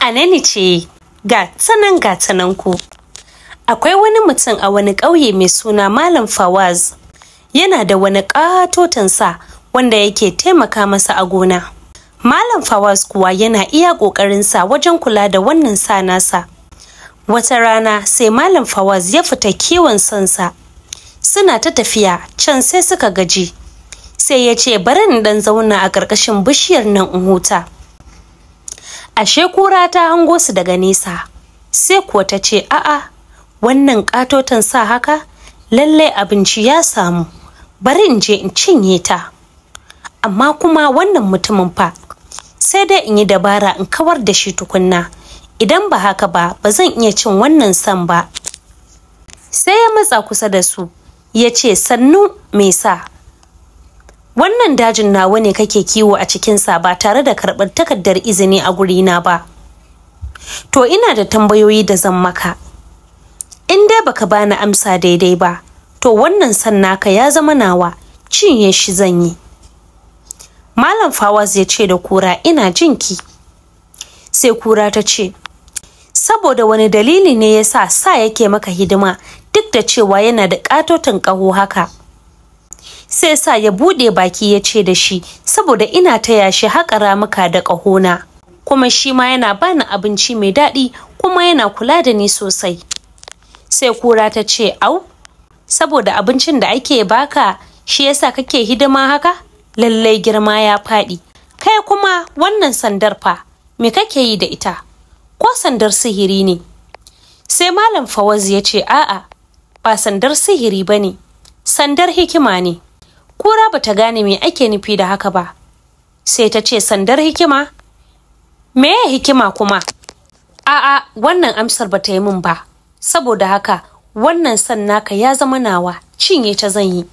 anani ce ga tsanan ga ku akwai wani mutum a wani ƙauye mai suna malam fawaz yana da wani ƙatotonsa wanda yake taimaka masa a gona malam fawaz kuwa yana iya ƙoƙarinsa wajen kula da wannan sa nasa wata rana sai malam fawaz ya fita kiwon sansa suna ta tafiya can sai suka gaji sai ya ce bari in dan zauna a ƙarƙashin bishiyar nan in huta ashe kura ta hango su daga nesa sai kuwa ta ce a'a wannan katotan sa haka lallai abinci ya samu bari in je in cinye ta amma kuma wannan mutumin fa sai dai in yi dabara in kawar da shi tukunna idan ba haka ba ba zan iya cin wannan san ba sai ya matsa kusa da su ya ce sannu me sa wannan dajin nawa ne kake kiwo a cikinsa ba tare da karɓar takardar izini a gurina ba to ina da tambayoyi da zan maka in dai baka bani amsa daidai ba to wannan san naka ya zama nawa cinye shi zan yi malam fawaz ya ce da kura ina jinki sai kura ta ce saboda wani dalili ne ya sa sa yake maka hidima duk da cewa yana da ƙatotin ƙaho haka sai sa ya bude baki ya ce da shi saboda ina taya shi haƙa ramuka da ƙahona kuma shi ma yana bani abinci mai daɗi kuma yana kula da ni sosai sai kura ta ce au saboda abincin da ake baka shi yasa kake hidima haka lallai girma ya faɗi kai kuma wannan sandar fa me kake yi da ita ko sandar sihiri ne sai malam fawaz ya ce a'a ba sandar sihiri ba ne sandar hikima ne kura ba ta gane me ake nufi da haka ba sai ta ce sandar hikima me hikima kuma a'a wannan amsar ba ta yi min ba saboda haka wannan san naka ya zama nawa cinye ta zan yi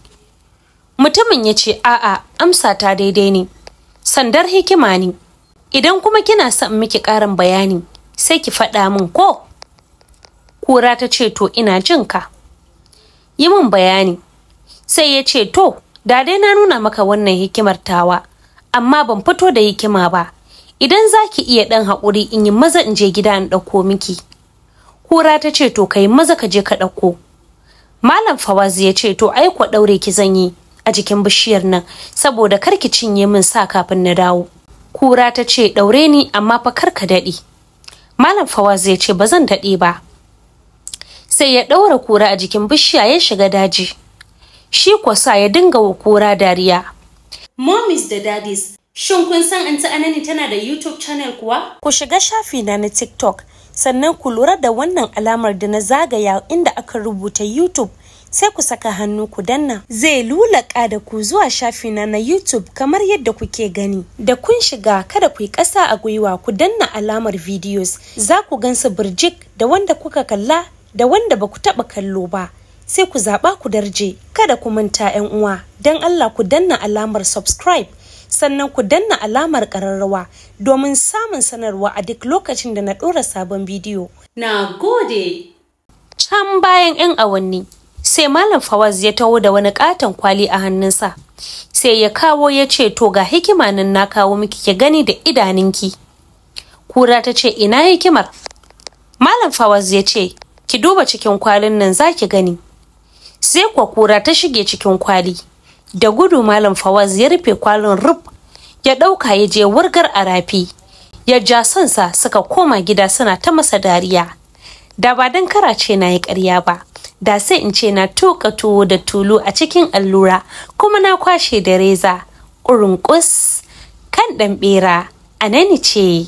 mutumin ya ce a'a amsa ta daidai ne sandar hikima ne idan kuma kina son miki ƙarin bayani sai ki faɗa min ko kura ta ce to ina jin ka yi min bayani sai ya ce to da dai na nuna maka wannan hikimar tawa amma ban fito da hikima ba idan za ki iya ɗan haƙuri in yi maza in je gida in ɗauko miki kura ta ce to kai maza ka je ka ɗauko malam fawazi ya ce to ai kwa ɗaure ki zan yi a jikin bishiyar nan saboda kar ki cinye min sa kafin na dawo kura ta ce ɗaure ni amma fa kar ka daɗe malam fawazi ya ce ba zan daɗe ba sai ya ɗaura kura a jikin bishiya ya shiga daji shi kwasa ya dinga wa kora dariya. Mommies da daddies, shin kun san anti Anani tana da YouTube channel kuwa? Ku shiga shafi na na TikTok, sannan ku lura da wannan alamar da na zagaya inda aka rubuta YouTube. Sai ku saka hannu ku danna. Zai lulaka da ku zuwa shafina na YouTube kamar yadda kuke gani. Da kun shiga kada ku yi ƙasa a gwiwa ku danna alamar videos. Za ku gansu birjik da wanda kuka kalla da wanda ba ku taɓa kallo ba. sai ku zaɓa ku darje kada ku manta 'yan uwa don Allah ku danna alamar subscribe sannan ku danna alamar ƙararrawa domin samun sanarwa a duk lokacin da na ɗora sabon bidiyo. Na gode! Can bayan 'yan awanni sai Malam Fawaz ya taho da wani ƙaton kwali a hannunsa. Sai ya kawo ya ce to ga hikima nan na kawo miki ki gani da idaninki. Kura ta ce ina hikimar? Malam Fawaz ya ce ki duba cikin kwalin nan za ki gani. sai kwakura ta shige cikin kwali da gudu malam fawaz ya rufe kwalin rub ya ɗauka ya je wurgar a rafi ya ja sansa suka koma gida suna ta masa dariya da ba don karace na yi ƙarya ba da sai in ce na tuka tuwo da tulu a cikin allura kuma na kwashe da reza ƙurunƙus kan ɗan ɓera a ce